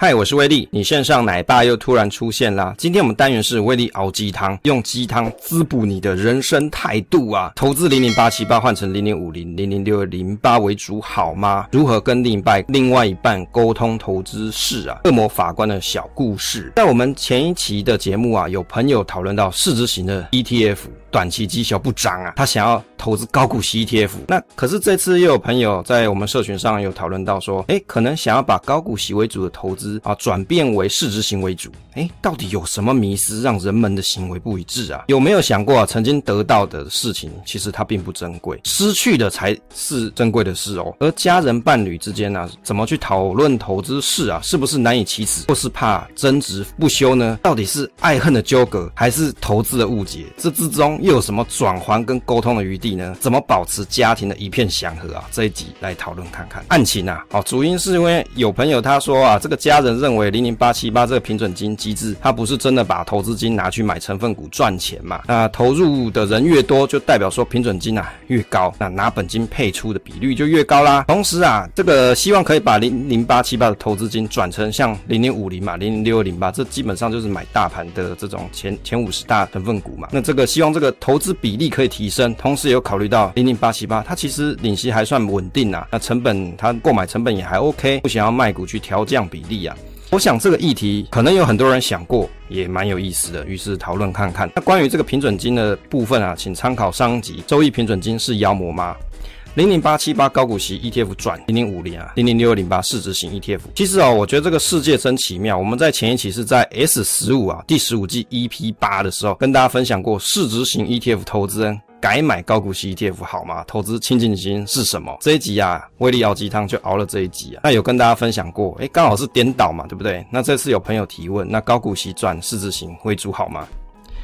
嗨，Hi, 我是威利。你線上奶爸又突然出現啦。今天我們單元是威利熬雞湯，用雞湯滋補你的人生態度啊。投資零零八七八換成零零五零零零六二零八為主好嗎？如何跟另外另外一半溝通投資事啊？惡魔法官的小故事，在我們前一期的節目啊，有朋友討論到市值型的 ETF。短期績效不彰啊，他想要投資高股息 ETF。那可是這次又有朋友在我們社群上有討論到說，哎、欸，可能想要把高股息為主的投資啊，轉變為市值型為主。哎、欸，到底有什麼迷思，讓人們的行為不一致啊？有沒有想過、啊，曾經得到的事情其實它並不珍貴，失去的才是珍貴的事哦。而家人伴侶之間呢、啊，怎麼去討論投資事啊？是不是難以啟齒，或是怕爭執不休呢？到底是愛恨的糾葛，還是投資的誤解？這之中。又有什麼轉圜跟溝通的餘地呢？怎麼保持家庭的一片祥和啊？這一集來討論看看。案情啊。哦，主因是因為有朋友他說啊，這個家人認為零零八七八這個平準金機制，他不是真的把投資金拿去買成分股賺錢嘛？啊，投入的人越多，就代表說平準金啊越高，那拿本金配出的比率就越高啦。同時啊，這個希望可以把零零八七八的投資金轉成像零零五零嘛、零零六二零八吧，這基本上就是買大盤的這種前前五十大成分股嘛。那這個希望這個。投資比例可以提升，同時也有考慮到00878，它其實領息還算穩定啊，那成本它購買成本也還 OK，不想要賣股去調降比例啊。我想這個議題可能有很多人想過，也蠻有意思的，於是討論看看。那關於這個平準金的部分啊，請參考上集，周易平準金是妖魔嗎？零零八七八高股息 ETF 轉零零五零啊，零零六二零八市值型 ETF。其實啊、哦，我覺得這個世界真奇妙。我們在前一期是在 S 十五啊，第十五季 EP 8的時候，跟大家分享過市值型 ETF 投資，改買高股息 ETF 好嗎？投資清淨心是什麼？這一集啊，威利熬雞湯就熬了這一集啊。那有跟大家分享過，哎、欸，剛好是顛倒嘛，對不對？那這次有朋友提問，那高股息轉市值型會租好嗎？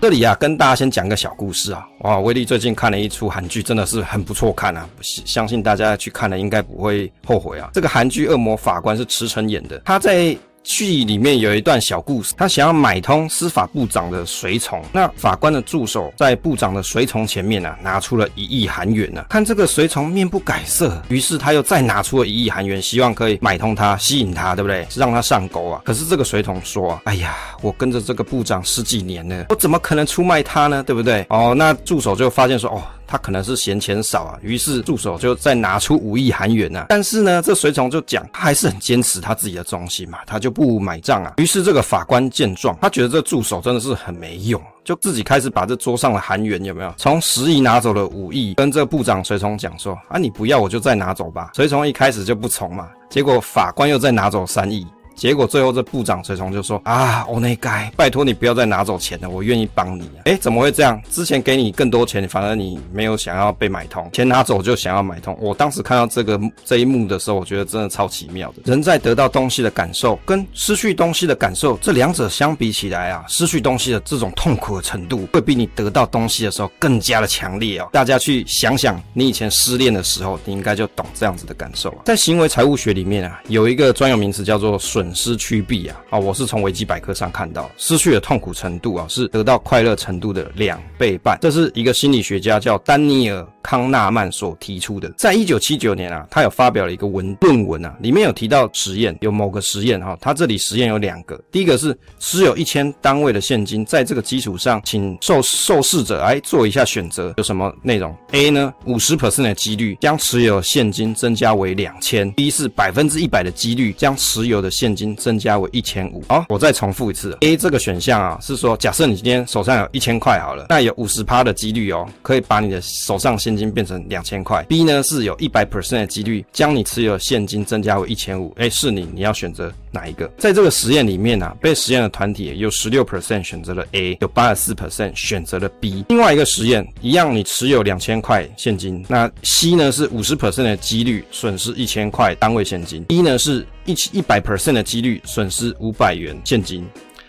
這裡呀、啊，跟大家先講個小故事啊。哇，威力最近看了一出韓劇，真的是很不錯看啊，不，相信大家去看了應該不會後悔啊。這個韓劇《惡魔法官》是池城演的，他在。劇裡面有一段小故事，他想要買通司法部長的隨從。那法官的助手在部長的隨從前面呢、啊，拿出了一億韓元呢、啊，看這個隨從面不改色。於是他又再拿出了一億韓元，希望可以買通他，吸引他，對不對？讓他上鈎啊！可是這個隨從說、啊：“哎呀，我跟着這個部長十幾年了，我怎麼可能出賣他呢？對不對？”哦，那助手就發現說：“哦。”他可能是嫌錢少啊，於是助手就再拿出五億韓元吶。但是呢，這隨從就講，他還是很堅持他自己的忠心嘛，他就不買賬啊。於是這個法官見狀，他覺得這助手真的是很沒用，就自己開始把這桌上的韓元有沒有，從十億拿走了五億，跟這個部長隨從講說啊，你不要我就再拿走吧。隨從一開始就不從嘛，結果法官又再拿走三億。結果最後這部長隨從就說啊，我內蓋，拜托你不要再拿走錢了，我願意幫你啊。哎、欸，怎麼會這樣？之前給你更多錢，反而你沒有想要被買通，錢拿走就想要買通。我當時看到這個這一幕的時候，我覺得真的超奇妙的。人在得到東西的感受跟失去東西的感受，這兩者相比起來啊，失去東西的這種痛苦的程度，會比你得到東西的時候更加的強烈哦。大家去想想，你以前失戀的時候，你應該就懂這樣子的感受了、啊。在行為財務學裡面啊，有一個專有名詞叫做損。損失趨避啊，啊、哦，我是從維基百科上看到，失去的痛苦程度啊，是得到快樂程度的兩倍半。這是一個心理學家叫丹尼爾康納曼所提出的，在一九七九年啊，他有發表了一個文論文啊，裡面有提到實驗，有某個實驗哈，他這裡實驗有兩個，第一個是持有一千單位的現金，在這個基礎上，請受受試者來做一下選擇，有什麼內容？A 呢50，五十 percent 的幾率將持,持有的現金增加為兩千；B 是百分之一百的幾率將持有的現金增加為一千五。好，我再重複一次，A 這個選項啊，是說假設你今天手上有一千塊好了，但50，那有五十趴的幾率哦，可以把你的手上現金金變成兩千塊，B 呢是有一百 percent 的幾率將你持有的現金增加為一千五，哎，是你，你要選擇哪一個？在這個實驗裡面啊，被實驗的團體有十六 percent 選擇了 A，有八十四 percent 選擇了 B。另外一個實驗一樣，你持有兩千塊現金，那 C 呢是五十 percent 的幾率損失一千塊單位現金，D、e、呢是一一百 percent 的幾率損失五百元現金。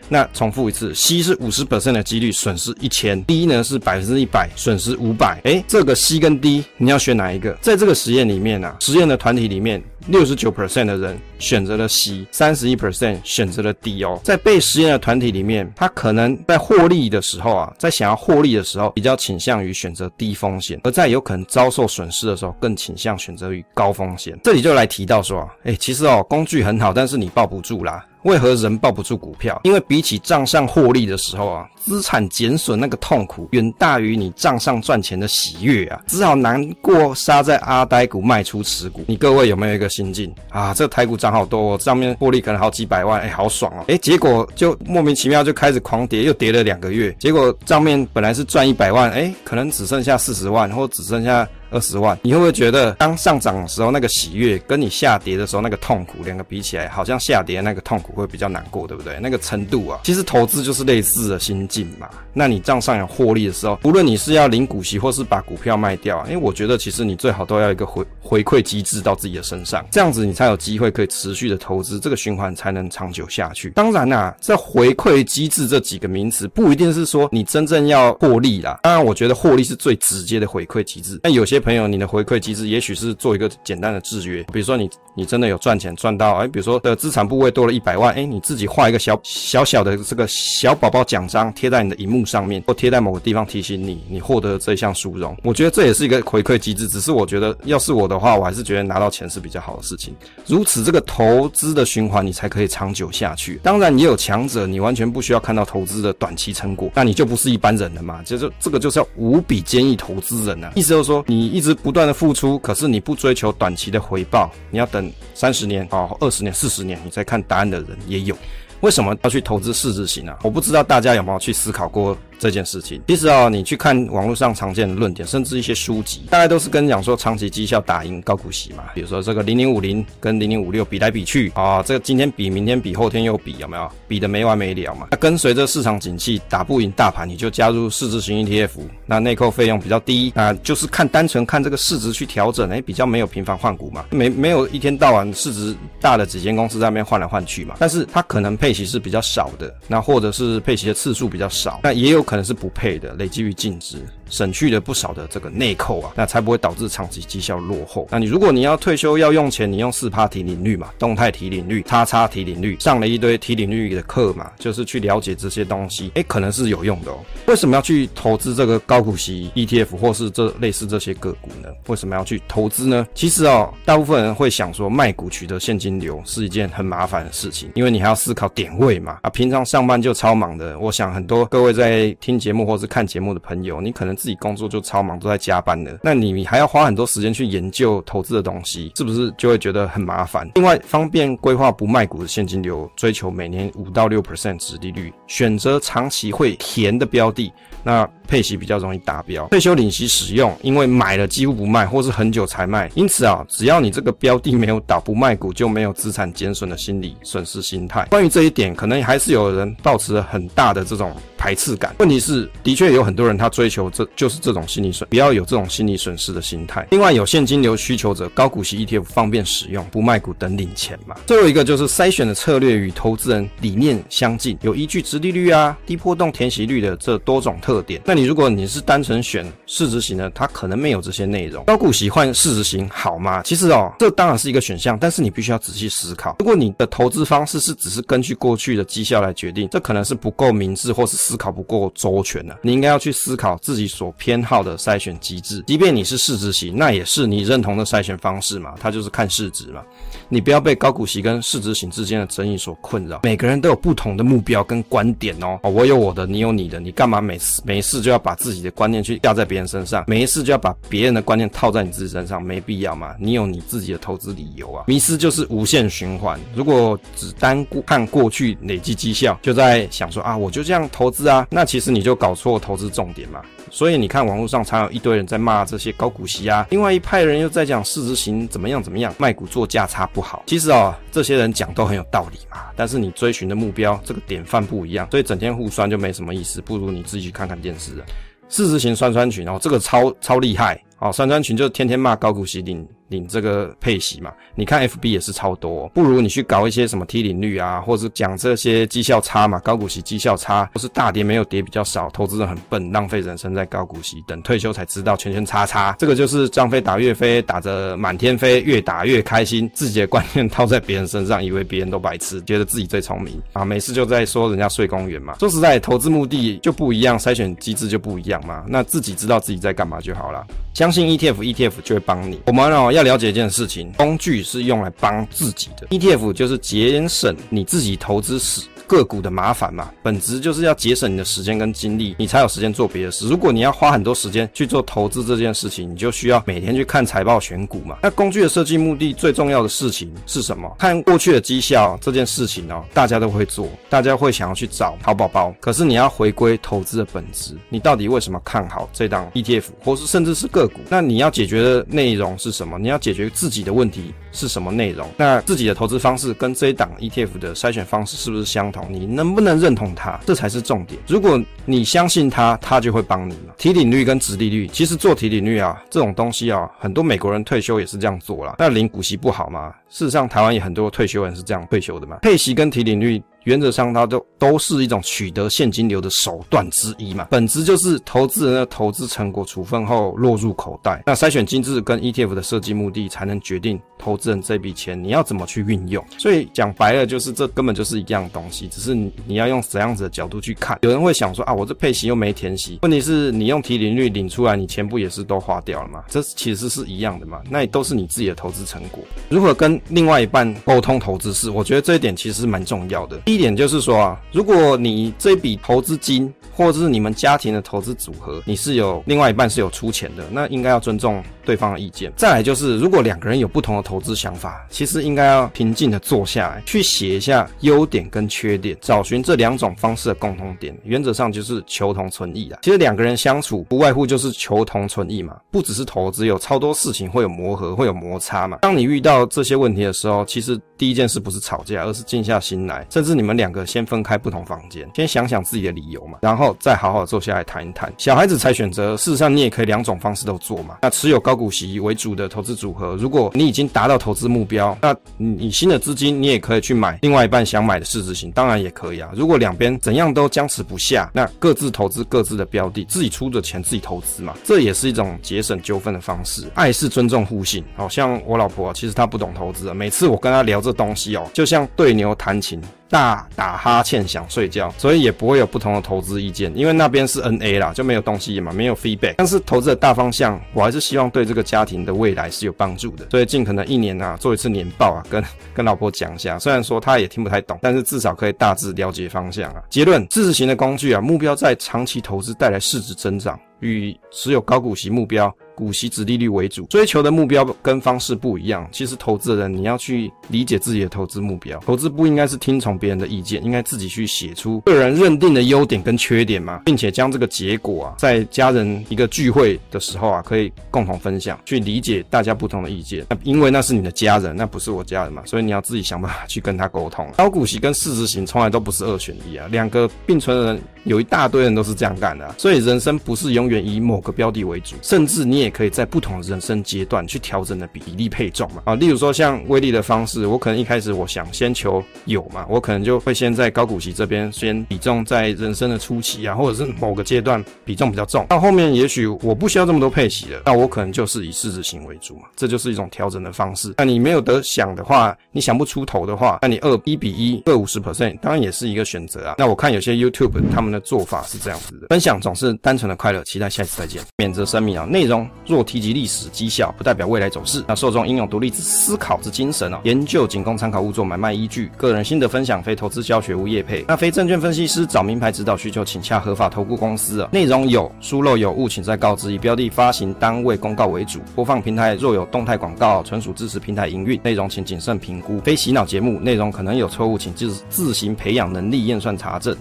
那重複一次，C 是五十 percent 的幾率，損失一千，D 呢是百分之一百損失五百。哎、欸，這個 C 跟 D，你要選哪一個？在這個實驗裡面啊，實驗的團體裡面，六十九 percent 的人選擇了 C，三十一 percent 選擇了 D 哦。在被實驗的團體裡面，他可能在獲利的時候啊，在想要獲利的時候，比較傾向於選擇低風險；而在有可能遭受損失的時候，更傾向選擇於高風險。這裡就來提到說啊、欸，其實哦，工具很好，但是你抱不住啦。為何人抱不住股票？因為比起賬上獲利的時候啊，資產減損那個痛苦遠大於你賬上賺錢的喜悅啊，只好難過殺在阿呆股賣出持股。你各位有沒有一個心境啊？這台股漲好多、喔，哦，賬面獲利可能好幾百萬，誒、欸、好爽哦、喔，誒、欸、結果就莫名其妙就開始狂跌，又跌了兩個月，結果賬面本來是賺一百萬，誒、欸、可能只剩下四十萬，或只剩下。二十萬，你會不會覺得，當上漲的時候那個喜悅，跟你下跌的時候那個痛苦，兩個比起來，好像下跌那個痛苦會比較難過，對不對？那個程度啊，其實投資就是類似的心境嘛。那你賬上有獲利的時候，無論你是要領股息，或是把股票賣掉啊，因為我覺得其實你最好都要一個回回饋機制到自己的身上，這樣子你才有機會可以持續的投資，這個循環才能長久下去。當然啦，這回饋機制這幾個名詞，不一定是說你真正要獲利啦。當然，我覺得獲利是最直接的回饋機制，但有些。朋友，你的回饋機制也許是做一個簡單的制約，比如說你你真的有賺錢賺到哎，比如說的資產部位多了一百萬，哎，你自己畫一個小小小的這個小寶寶獎章貼在你的熒幕上面，或貼在某個地方提醒你你獲得這項殊榮。我覺得這也是一個回饋機制，只是我覺得要是我的話，我還是覺得拿到錢是比較好的事情。如此這個投資的循環你才可以長久下去。當然你有強者，你完全不需要看到投資的短期成果，那你就不是一般人了嘛。就是這個就是要無比堅毅投資人啊，意思就是說你。一直不斷的付出，可是你不追求短期的回報，你要等三十年、哦二十年、四十年，你再看答案的人也有。為什麼要去投資市值型呢、啊？我不知道大家有沒有去思考過。這件事情，其實啊、哦，你去看網絡上常見的論點，甚至一些書籍，大概都是跟講說長期績效打贏高股息嘛。比如說這個零零五零跟零零五六比來比去，啊、哦，這個今天比明天比後天又比，有沒有？比得沒完沒了嘛？那跟隨着市場景氣打不贏大盤，你就加入市值型 ETF，那內扣費用比較低，那就是看單純看這個市值去調整，哎，比較沒有頻繁換股嘛，沒沒有一天到晚市值大的幾間公司在那邊換來換去嘛？但是它可能配息是比較少的，那或者是配息的次數比較少，那也有。可能是不配的，累積於淨值。省去了不少的這個內扣啊，那才不會導致長期績效落後。那你如果你要退休要用錢，你用四趴提領率嘛，動態提領率、叉叉提領率，上了一堆提領率的課嘛，就是去了解這些東西，哎，可能是有用的哦。為什麼要去投資這個高股息 ETF 或是這類似這些個股呢？為什麼要去投資呢？其實哦，大部分人會想說，賣股取得現金流是一件很麻煩的事情，因為你還要思考點位嘛。啊，平常上班就超忙的，我想很多各位在聽節目或是看節目的朋友，你可能。自己工作就超忙，都在加班了，那你你還要花很多時間去研究投資的東西，是不是就會覺得很麻煩？另外，方便規劃不賣股的現金流，追求每年五到六 percent 殖利率，選擇長期會填的標的，那配息比較容易達標。退休領息使用，因為買了幾乎不賣，或是很久才賣，因此啊，只要你這個標的沒有打不賣股，就沒有資產減損的心理損失心態。關於這一點，可能還是有人抱持了很大的這種。排斥感。問題是，的確有很多人他追求這就是這種心理損，不要有這種心理損失的心態。另外，有現金流需求者，高股息 ETF 方便使用，不賣股等領錢嘛。最後一個就是篩選的策略與投資人理念相近，有依據殖利率啊、低波動、填息率的這多種特點。那你如果你是單純選市值型的，它可能沒有這些內容。高股息換市值型好嗎？其實哦，這當然是一個選項，但是你必須要仔細思考。如果你的投資方式是只是根據過去的績效來決定，這可能是不夠明智或是。思考不夠周全呢。啊，你應該要去思考自己所偏好的篩選機制。即便你是市值型，那也是你認同的篩選方式嘛，它就是看市值嘛。你不要被高股息跟市值型之間的爭議所困擾。每個人都有不同的目標跟觀點哦，哦，我有我的，你有你的，你幹嘛每次每一次就要把自己的觀念去壓在別人身上，每一次就要把別人的觀念套在你自己身上，沒必要嘛。你有你自己的投資理由啊，迷思就是無限循環。如果只單看過去累積績效，就在想說啊，我就這樣投資。是啊，那其實你就搞錯投資重點嘛。所以你看網絡上常有一堆人在罵這些高股息啊，另外一派人又在講市值型怎麼樣怎麼樣，賣股做價差不好。其實哦，這些人講都很有道理嘛，但是你追尋的目標這個典範不一樣，所以整天互酸就沒什麼意思，不如你自己去看看電視了。市值型酸酸群，哦，這個超超厲害，哦。酸酸群就天天罵高股息定。領這個配息嘛？你看 F B 也是超多、哦，不如你去搞一些什麼提領率啊，或者講這些績效差嘛，高股息績效差，或是大跌沒有跌比較少，投資人很笨，浪費人生在高股息，等退休才知道圈圈叉叉。這個就是張飛打岳飛，打着滿天飛，越打越開心，自己的觀念套在別人身上，以為別人都白痴，覺得自己最聰明啊，每次就在說人家睡公園嘛。說實在，投資目的就不一樣，篩選機制就不一樣嘛。那自己知道自己在幹嘛就好了，相信 E T F E T F 就會幫你。我們、哦、要。要了解一件事情，工具是用來幫自己的。ETF 就是節省你自己投資時間。個股的麻煩嘛，本質就是要節省你的時間跟精力，你才有時間做別的事。如果你要花很多時間去做投資這件事情，你就需要每天去看財報選股嘛。那工具的設計目的最重要的事情是什麼？看過去的績效這件事情哦，大家都會做，大家會想要去找好寶寶。可是你要回歸投資的本質，你到底為什麼看好這檔 ETF，或是甚至是個股？那你要解決的內容是什麼？你要解決自己的問題是什麼內容？那自己的投資方式跟這一檔 ETF 的篩選方式是不是相同？你能不能認同他？這才是重點。如果你相信他，他就會幫你了。提領率跟殖利率，其實做提領率啊，這種東西啊，很多美國人退休也是這樣做啦。但領股息不好嗎？事實上，台灣也很多退休人是這樣退休的嘛。配息跟提領率。原則上，它都都是一種取得現金流的手段之一嘛，本質就是投資人的投資成果處分後落入口袋。那篩選機制跟 ETF 的設計目的，才能決定投資人這筆錢你要怎麼去運用。所以講白了，就是這根本就是一樣東西，只是你要用怎樣子的角度去看。有人會想說啊，我這配型又沒填息，問題是你用提領率領出來，你錢不也是都花掉了嘛？這其實是一樣的嘛，那也都是你自己的投資成果。如何跟另外一半溝通投資事，我覺得這一點其實是蠻重要的。第一點就是說啊，如果你這筆投資金，或者是你們家庭的投資組合，你是有另外一半是有出錢的，那應該要尊重對方的意見，再來就是，如果兩個人有不同的投資想法，其實應該要平靜的坐下來，去寫一下優點跟缺點，找尋這兩種方式的共同點。原則上就是求同存異啦，其實兩個人相處不外乎就是求同存異嘛，不只是投資，有超多事情會有磨合，會有摩擦嘛。當你遇到這些問題的時候，其實第一件事不是吵架，而是靜下心來，甚至你們兩個先分開不同房間，先想想自己的理由嘛，然後再好好坐下來談一談。小孩子才選擇，事實上你也可以兩種方式都做嘛。那持有高。股息為主的投資組合，如果你已經達到投資目標，那你新的資金你也可以去買另外一半想買的市值型，當然也可以啊。如果兩邊怎樣都僵持不下，那各自投資各自的標的，自己出的錢自己投資嘛，這也是一種節省糾紛的方式。愛是尊重互信、喔，好像我老婆、喔、其實她不懂投資，每次我跟她聊這東西哦、喔，就像對牛彈琴。大打哈欠想睡覺，所以也不會有不同的投資意見，因為那邊是 NA 啦，就沒有東西嘛，沒有 feedback。但是投資的大方向，我還是希望對這個家庭的未來是有幫助的，所以盡可能一年啊做一次年報啊，跟跟老婆講一下。雖然說他也聽不太懂，但是至少可以大致了解方向啊。結論：市值型的工具啊，目標在長期投資帶來市值增長，與持有高股息目標。股息、殖利率為主，追求的目標跟方式不一樣。其實投資的人，你要去理解自己的投資目標。投資不應該是聽從別人的意見，應該自己去寫出個人認定的優點跟缺點嘛，並且將這個結果啊，在家人一個聚會的時候啊，可以共同分享，去理解大家不同的意見。那因為那是你的家人，那不是我家人嘛，所以你要自己想辦法去跟他溝通。高股息跟市值型從來都不是二選一啊，兩個並存的人有一大堆人都是這樣幹的啊，所以人生不是永遠以某個標的為主，甚至你也，可以在不同的人生階段去調整的比例配重嘛。啊，例如說像威利的方式，我可能一開始我想先求有嘛，我可能就會先在高股息這邊先比重，在人生的初期啊，或者是某個階段比重比較重，到後面也許我不需要這麼多配息了，那我可能就是以市值型為主嘛，這就是一種調整的方式。那你沒有得想的話，你想不出頭的話，那你二一比一，二五十 percent 當然也是一個選擇啊。那我看有些 YouTube 他們的做法是這樣子的。分享總是單純的快樂，期待下一次再見。免責聲明啊，內容。若提及歷史績效，不代表未來走勢。那受眾應有獨立之思考之精神哦、啊。研究僅供參考，勿作買賣依據。個人心得分享，非投資教學，無業配。那非證券分析師找名牌指導需求，請洽合法投顧公司啊。內容有疏漏有誤，請再告知。以標的發行單位公告為主。播放平台若有動態廣告，純屬支持平台營運。內容請謹慎評估，非洗腦節目。內容可能有錯誤，請自自行培養能力驗算查證。